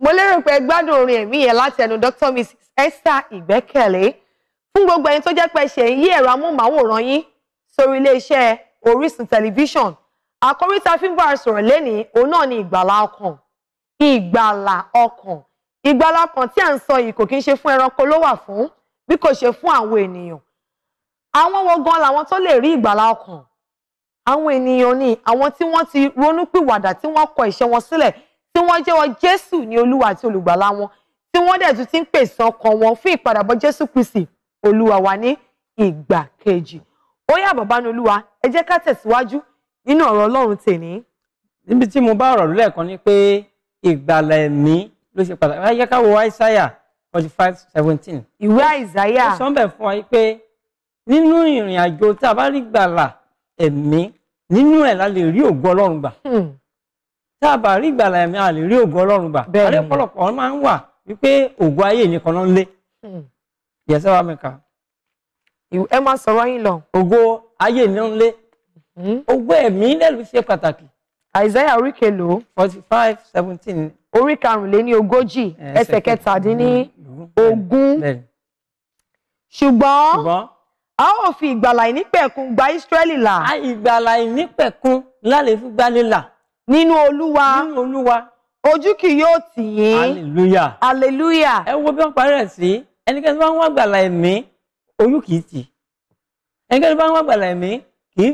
mo lérò pé gbádùn orin ẹ̀mí yẹn láti ẹnu Dr. Mrs. Esther Ìgbẹ́kẹ̀lé fún gbogbo ẹ̀yin tó jẹ́ pé ṣe ń yí ẹ̀rọ amóhùnmáwòrán yín sórí iléeṣẹ́ Orísun tẹlifíṣọ̀n àkórí tá a fi ń bára sọ̀rọ̀ lénìí òun náà ni ìgbàlà ọkàn ìgbàlà ọkàn ìgbàlà ọkàn tí à ń sọ yìí kò kí ń ṣe fún ẹranko ló wà fún bí kò ṣe fún àwọn ènìyàn àwọn wo gan làwọn tó lè rí ìgbàlà ọkàn àwọn ènìyàn ni àwọn tí wọ́n ti ronú pìwàdà tí wọ́n kọ ìṣe wọn sílẹ̀ tí wọ́n jẹ́wọ́ Jésù ní olúwa àti olùgbàlà wọn tí wọ́n dẹ̀ tún ti ń pèsè ọkàn wọn fún ìpadàbọ̀ Jésù Kristi olúwa wa ní ìgbà kejì ó yá bàbá ní olúwa ẹ jẹ́ ká tẹ̀síwájú nínú ọ̀rọ̀ Ọlọ́run tèmi. níbi tí mo bá ọ̀rọ̀ lulẹ̀ kan ni pé ìgbàlà ẹ̀mí ló ṣe pàtàkì ẹ jẹ́ ká wo Isaiah forty five seventeen. ìwé Isaiah. ó sọ ń bẹ̀ fún wa pé nínú ìrìn àjò tá a bá rí gbàlà ẹ̀mí nínú ẹ̀ la lè rí ògo Ọlọ́run gbà. Hmm. tá a bá rí ìgbàlà ẹ̀mí a rí ògùn ọlọ́run gbà àlẹ́ pọ̀lọpọ̀ ọ máa ń wà wípé ògùn ayé nìkan náà ń lé yẹsẹ wa mẹka. ẹ máa sọ̀rọ̀ yín lọ. ògùn ayé náà ń lé hmm. ògùn ẹ̀mí lẹ́lu ṣe pàtàkì. a ó fi ìgbàlà ìnípẹ̀kun gba israeli là. ìgbàlà ìnípẹ̀kun lálẹ́ fún là. nínú olúwa nínú olúwa ojú kì yóò tì yín hallelujah hallelujah ẹ wo bí wọ́n parẹ́ sí ẹnikẹ́ni tó bá ń wá gbàlà ẹ̀mí ojú kì í tì ẹnikẹ́ni tó bá ń wá gbàlà ẹ̀mí kì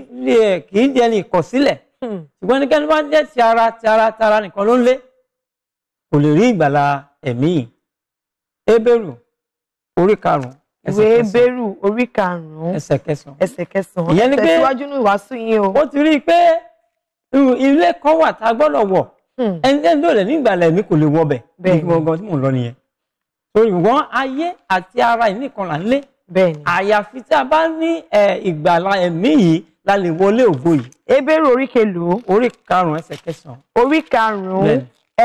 í di ẹni ìkọ̀sílẹ̀ hmm. ṣùgbọ́n ẹnikẹ́ni tó bá jẹ́ ti ara ti ara ti ara nìkan ló ń lé kò lè rí ìgbàlà ẹ̀mí yìí Hébérù orí karùn ìwé Hébérù orí karùn-ún ẹsẹ̀ kẹsàn-án ẹsẹ̀ kẹsàn-án ìyẹn ni pé tẹ̀síwájú ní ìwàásù yín o ó ti rí i pé ilé kan wà tá a gbọ́dọ̀ wọ̀ hmm. ẹni tẹ́ni tó lè ní ìgbàlẹ̀ mi kò lè wọ bẹ̀ bẹ́ẹ̀ ni gbọ́ngàn tí mò ń lọ nìyẹn ṣùgbọ́n ayé àti ara yìí nìkan là ń lé àyàfi tí a bá ní ìgbàlà ẹ̀mí yìí la lè wọlé ògo yìí. ebéèrè orí kelo. orí karùn-ún ẹsẹ̀ kẹsàn-án. orí karùn-ún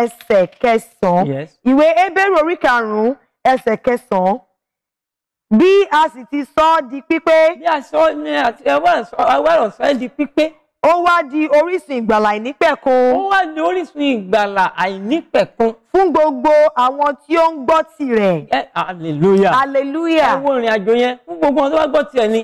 ẹsẹ̀ kẹsàn-án. ìwé ebéèrè orí karùn-ún ẹsẹ̀ kẹsàn-án bí a sì ti sọ di pípé. bí a sọ ní àti ẹwà ọ̀sán di pípé ó wá di orísun ìgbàlà àìnípẹ̀kun. ó wá di orísun ìgbàlà àìnípẹ̀kun. fún gbogbo àwọn tí ó ń gbọ́ tirẹ̀. ẹ hallelujah. hallelujah. ẹ wo ìrìn àjò yẹn fún gbogbo àwọn tó bá gbọ́ tiẹ̀ ni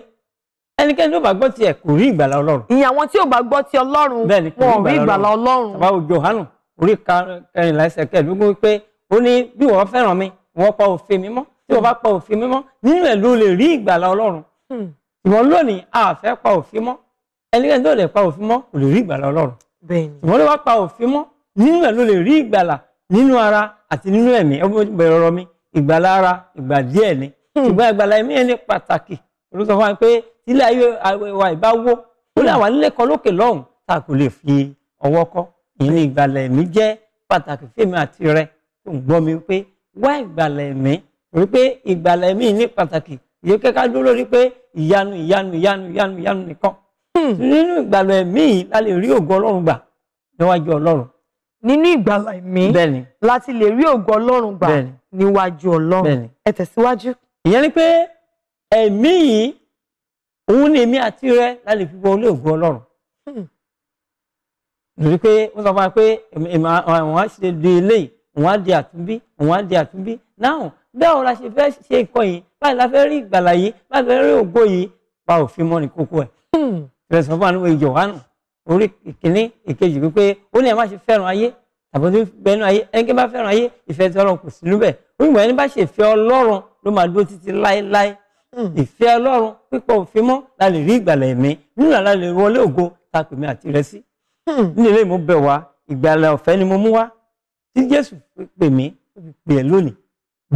ẹnikẹ́ni tó bá gbọ́ tiẹ̀ kò rí ìgbàlà ọlọ́run. ìyẹn àwọn tí ò bá gbọ́ ti ọlọ́run wọn ò rí ìgbàlà ọlọ́run. bàbá òjò hànú orí kẹrìnlá ẹsẹ̀ kẹẹ̀ẹ́dógún pé ó ní bí wọ́n fẹ́ràn mi wọ́n pa òfin mi tí wọ́n bá pa òfin mi nínú ẹ̀ ló lè rí ìgbàlà ọlọ́run. Hmm. ìwọ lónìí a fẹ́ pa òfin mọ́ ẹnikẹ́ni tó lè pa òfin mọ́ kò lè rí ìgbàlà ọlọ́run ìwọ́n ló wá pa òfin mọ́ nínú ẹ̀ ló lè rí ìgbàlà nínú ara àti nínú ẹ̀mí ọgbọ́n bẹ̀rẹ̀ ọ̀rọ̀ mi ìgbàlà ara ìgbà díẹ̀ ni hmm. ṣùgbọ́n ìgbàlà ẹ̀mí ẹni pàtàkì olùsọ fún wa pé ilé ayé wa ìbá wó ó lè àwọn ilé kan lókè lọ́hùn tá a kò lè fi ọwọ́ kọ́ ìní ìgbàlà ẹ̀mí jẹ́ pàtàkì fèmí àti rẹ tó ń gbọ́ mi pé wá ìgbàlà ẹ̀mí rí pé ìgbàlà ẹ̀mí ní pàtàkì ìyókẹ́ká dúró lórí pé ìyanu ìyanu ìyanu ìyanu nìkan nínú ìgbàlà ẹ̀mí yìí la lè rí ògo ọlọ́run gbà níwájú ọlọ́run. nínú ìgbàlà ẹ̀mí láti lè rí ògo ọlọ́run gbà níwájú ọlọ́run ẹ tẹ̀síwájú. ìyẹn ni pé ẹ̀mí yìí òun ni èmi àti rẹ la lè fi wọlé ògo ọlọ́run. lórí pé wọ́n sọ fún wa pé àwọn á ṣe di eléyìí òun á di àtúnbí òun á di àtúnbí náà bẹ́ẹ̀ ọ̀la ṣe fẹ́ ṣe nǹkan yìí báyìí la fẹ́ rí ìgbàlà yìí báyìí la fẹ́ rí ògo yìí pa òfin mọ́ni kókó ẹ̀. Hmm ìrẹsùn fún àwọn Jòhánù orí ìkíní ìkejì wípé ó ní ẹ má ṣe fẹ́ràn ayé tàbí tó bẹnu ayé ẹnikẹ́ bá fẹ́ràn ayé ìfẹ́ tí Ọlọ́run kò sí níbẹ̀ ó yìnbọn ẹni bá ṣe ìfẹ́ Ọlọ́run ló máa dúró títí láéláé hmm. ìfẹ́ Ọlọ́run pípọ̀ òfin mọ́ la lè rí ìgbàlẹ̀ ẹ̀mí nínú àlá lè wọlé ògo takùnmí àti rẹ sí hmm. nínú ilé mo bẹ̀ wá ìgbàlẹ̀ ọ̀fẹ́ ni mo mú wá tí Jésù pè mí pè ẹ́ lónìí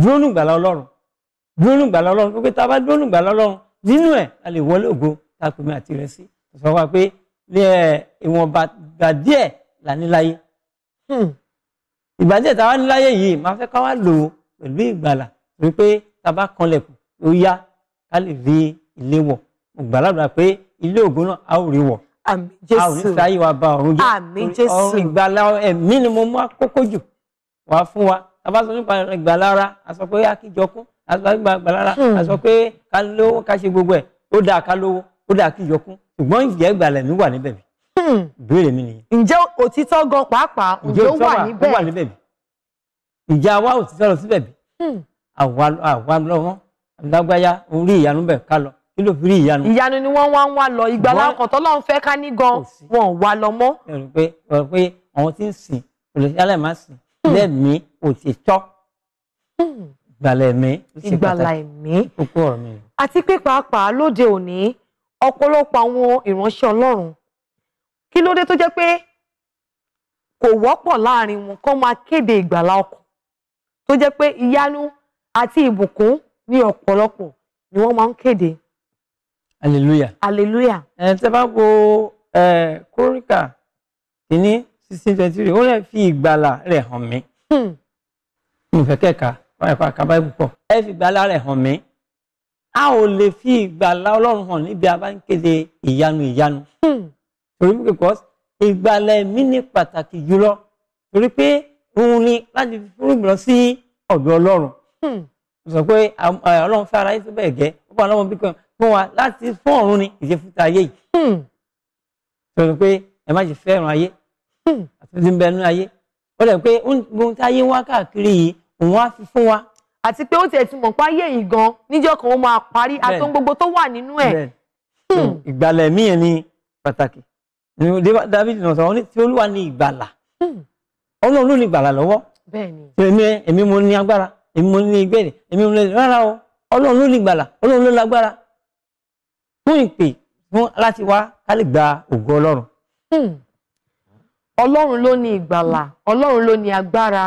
dúró nù gbàlà Ọlọ́run dúró nù gbàlà Ọlọ́run pé tá a bá dúró nù gbàlà Ọlọ́run nínú ẹ̀ la lè wọlé ògo takùnmí àti rẹ sí sọ fún wa pé ní ìwọ̀nba gbà díẹ̀ là ní láyé hmm. ìgbà díẹ̀ tá a wá ní láyé yìí máa fẹ́ ká wá lò ó pẹ̀lú ìgbàlà wípé tá a bá kanlẹ̀kùn ó yá ká lè rí ilé wọ̀ mo pé ilé ògùn náà a ò rí wọ̀ a ò ní sáyé wa ba ọ̀run jẹ́ ọ̀run ìgbàlà ẹ̀mí ni mo mú àkókò jù wá fún wa tá a bá sọ nípa ìgbàlára a sọ pé akíjọkún a sọ pé ìgbàlára a hmm. sọ pé ká lówó ká ṣe gbogbo ẹ̀ ó dáa ká lówó ó dáa kíjọkún ṣùgbọ́n ìjẹ́ ìgbàlẹ̀ mi wà níbẹ̀ bí hmm. ìbéèrè mi nìyẹn. ǹjẹ́ òtítọ́ gan pàápàá ǹjẹ́ ó wà níbẹ̀? wà ìjà wa òtítọ́ lọ síbẹ̀ bí hmm. àwa lọ́wọ́ lágbáyà orí ìyanu bẹ̀ ká lọ kí ló fi rí ìyanu. ìyanu ni wọ́n wá ń wá lọ ìgbàlá ọkàn tọ́lọ́run fẹ́ ká ní gan wọn ò wá lọ mọ́. ẹ rò pé ọ̀rọ̀ pé àwọn tí ń sìn olùsí aláìmá sìn lẹ́mìí hmm. òtítọ́ ìgbàlà ẹ̀mí. ìgbàlà ẹ̀mí àti pé pàápàá lóde òní ọ̀pọ̀lọpọ̀ àwọn ìránṣẹ́ Ọlọ́run kí ló dé tó jẹ́ pé kò wọ́pọ̀ láàrin wọn kán máa kéde ìgbàlá ọkàn tó jẹ́ pé ìyanu àti ìbùkún ní ọ̀pọ̀lọpọ̀ ni wọ́n máa ń kéde. hallelujah. hallelujah. ẹ tẹ́ bá wo kóríkà kìíní sixteen twenty three ó lè fi ìgbàlà rẹ̀ hàn mí. mo hmm. fẹ́ kẹ́ka wọ́n rẹ̀ pa àkàbá ìbùkọ̀ ẹ fi ìgbàlà rẹ̀ hàn mí a ò lè fi ìgbàlá ọlọ́run hàn níbi a bá ń kéde ìyanu ìyanu hmm. torí because ìgbàlá ẹ̀mí ní pàtàkì jùlọ torí pé òun ni láti fi fúrúgbìn sí ọ̀dọ̀ ọlọ́run hmm. sọ pé ọlọ́run fẹ́ ara yìí tó bẹ́ẹ̀ gẹ́ ó bá ọlọ́run bí kan fún wa láti fún ọ̀run ni ìṣẹ́fúta ayé yìí sọ hmm. pé ẹ má ṣe fẹ́ràn ayé àti ti ń bẹ ayé ó lè pé ohun tí ayé wá káàkiri yìí òun á fi fún wa àti pé ó tiẹ̀ ti mọ̀ páyé yìí gan níjọ́ kan ó máa parí àtọ́n gbogbo tó wà nínú ẹ̀. Hmm. ìgbàlẹ̀ mi yẹn ni pàtàkì David náà sọ tí olúwa ní ìgbàlà hmm. ọlọ́run ló ní ìgbàlà lọ́wọ́ èmi èmi mo ní agbára èmi mo ní ìgbẹ́rẹ̀ èmi mo ní rárá o ọlọ́run ló ní ìgbàlà ọlọ́run ló lágbára fún ìpè fún láti wá ká lè gba ògo ọlọ́run. Hmm. ọlọ́run ló ní ìgbàlà ọlọ́run ló ní agbára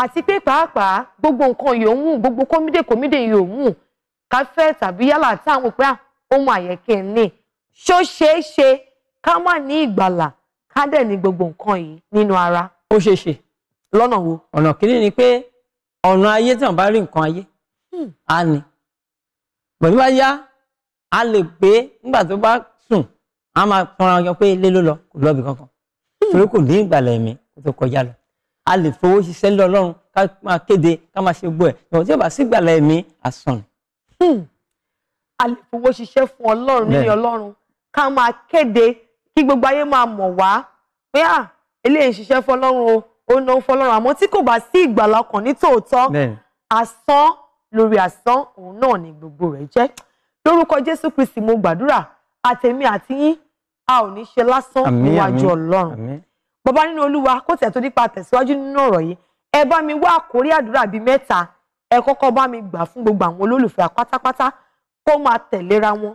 àti pé pàápàá gbogbo nǹkan yòówù gbogbo kómídé kómídé yòówù káfẹ́ tàbí yálà táwọn pé ohun àyẹ̀kẹ́ ní ṣó ṣeé ṣe ká má ní ìgbàlà ká dẹ̀ ní gbogbo nǹkan yìí nínú ara. ó ṣeé ṣe lọ́nà wo. ọ̀nà kìíní ni pé ọ̀nà ayé tí wọ́n bá rí nǹkan ayé hmm. á ní pẹ̀lú bá yá a lè pé nígbà tó bá sùn a máa fọnra yan pé ilé ló lọ kò lọ́ọ̀bì kankan hmm. torí kò ní ìgbàlẹ̀ mi kó tó kọjá lọ a lè fowó ṣiṣẹ́ lọ ọlọ́run ká máa kéde ká máa ṣe gbọ́ ẹ̀ ìwọ̀n tí ó bá sí gbàlá ẹ̀mí àsàn. Hmm. a lè fowó ṣiṣẹ́ fún ọlọ́run nílé ọlọ́run ká máa kéde kí gbogbo ayé máa mọ̀ wá pé à eléyìí ń ṣiṣẹ́ fọlọ́run o ó ná fọlọ́run àmọ́ tí kò bá sí ìgbàlá ọkàn ní tòótọ́ asán lórí asán òun náà ni gbogbo rẹ̀ jẹ́ lórúkọ Jésù Kristi mo gbàdúrà àtèmi àti yín a ò ní ṣe lásán níwájú ọlọ́run bàbá nínú olúwa kó tẹ̀ tó nípa tẹ̀síwájú nínú ọ̀rọ̀ yìí ẹ bá mi wá àkórí àdúrà bíi mẹ́ta ẹ kọ́kọ́ bá mi gbà fún gbogbo àwọn olólùfẹ́ pátápátá kó máa tẹ̀léra wọn.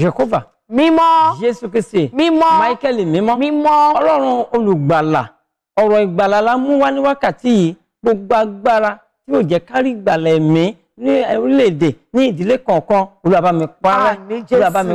jehova mímọ́ jésù kristi mímọ́ michael mímọ́ mímọ́ ọlọ́run olùgbàlà ọ̀rọ̀ ìgbàlà la mú wá ní wákàtí yìí gbogbo agbára tí yóò jẹ́ kárí ìgbàlà ẹ̀mí ní orílẹ̀-èdè ní ìdílé kọ̀ọ̀kan olúwa bá mi parẹ́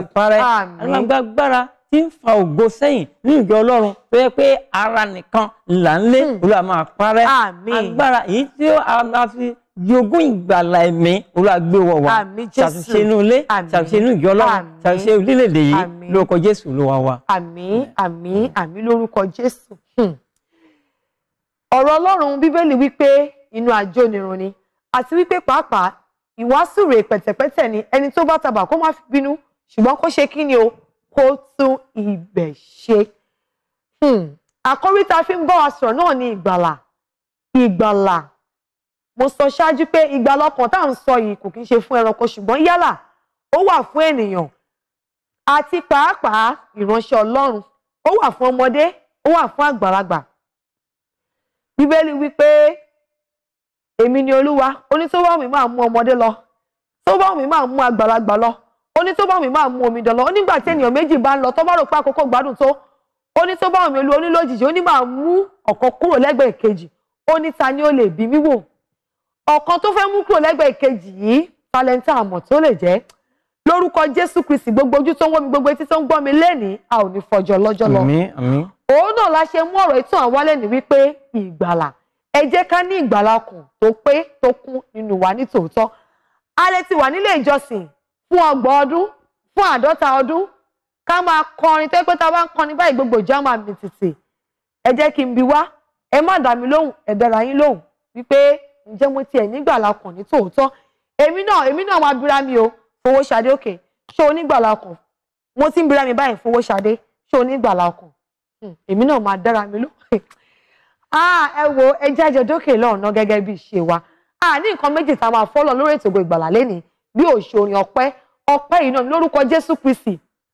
olúwa bá mi tí ń fa ògo sẹ́yìn ní ìgbẹ́ ọlọ́run tó yẹ pé ara nìkan là ń lé hmm. olúwa máa parẹ́ agbára èyí tí a fi yogún ìgbàlà ẹ̀mí olúwa gbé wọ̀ wá ṣàtúnṣe inú ilé ṣàtúnṣe inú ìgbẹ́ ọlọ́run ṣàtúnṣe orílẹ̀-èdè yìí lórúkọ jésù ló wá wa. àmín àmín àmín lórúkọ jésù. Hmm. ọ̀rọ̀ ọlọ́run bíbélì wípé inú àjò nìrun ni àti wípé pàápàá ìwàásù rẹ̀ pẹ̀tẹ̀pẹ̀tẹ̀ ni ẹni tó bá tabà kó má fi bínú ṣùgbọ́n kó ṣe kí ni o kó tún ibẹ̀ ṣe. Hmm. àkórí tá a fi ń bá wa sọ̀rọ̀ náà ni ìgbàlà ìgbàlà mo sọ ṣáájú pé ìgbàlà ọkàn tá à ń sọ yìí kò kí ń ṣe fún ẹranko ṣùgbọ́n yálà ó wà fún ènìyàn àti pàápàá ìránṣẹ́ Ọlọ́run ó wà fún ọmọdé ó wà fún àgbàlagbà bíbélì wípé èmi ni Olúwa oní tó máa mú ọmọdé lọ tó bá máa mú àgbàlagbà lọ ó ní tó bá mi máa mu omi dọ̀lọ́ ó nígbà tí ènìyàn méjì bá ń lọ tó bá rò pé àkókò gbádùn tó ó ní tó bá mi olú onílójijì ó ní máa mú ọ̀kan kúrò lẹ́gbẹ̀ẹ́ kejì ó ní ta ni ó lè bí wíwò ọ̀kan tó fẹ́ mú kúrò lẹ́gbẹ̀ẹ́ kejì yìí talẹ́ńtà àmọ̀ tó lè jẹ́ lórúkọ Jésù Kristi gbogbo ojú tó ń wò mí gbogbo etí tó ń gbọ́ mi lẹ́nìí a ò ní fọjọ́ lọ́jọ́ lọ òun náà la ṣe mú ọ̀rọ̀ ìtàn àwálẹ̀ ní wípé ìgbàlà ẹ jẹ́ ká ní ìgbàlà ọkàn tó pé tó kún nínú wa nítòótọ́ a lè ti wà nílé ìjọsìn fún ọgbọ̀n ọdún fún àádọ́ta ọdún ká máa kọrin tó yẹ pé tá a bá ń kọrin báyìí gbogbo ìjà máa mì tìtì ẹ jẹ́ kí n bi wá ẹ má dà mí lóhùn ẹ dára yín lóhùn wípé ǹjẹ́ mo tiẹ̀ nígbàlà kan ní tòótọ́ èmi náà èmi náà máa bira mi o Fowóṣadé òkè ṣé onígbàlà kan mo ti ń bira mi báyìí Fowóṣadé ṣé onígbàlà kan hmm, èmi náà máa dára mi lóhùn ah, ẹ wo ẹ jẹ́ àjọ dókè lọ́ọ̀nà gẹ́gẹ́ bí ìṣe wa a ní nǹkan méjì tá a máa fọ́lọ̀ lórí ètò ọpẹ́ yìí náà lórúkọ Jésù Kristi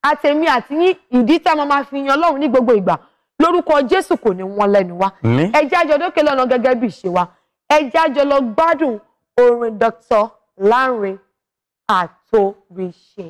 àtẹ̀mí àti yín ìdí tá a máa fi yan Ọlọ́run ní gbogbo ìgbà lórúkọ Jésù kò ní wọn lẹ́nu wa ẹ jẹ́ àjọ dókè lọ́nà gẹ́gẹ́ bí ìṣe wa ẹ àjọ lọ gbádùn orin Dr. Lanre Àtòríṣe.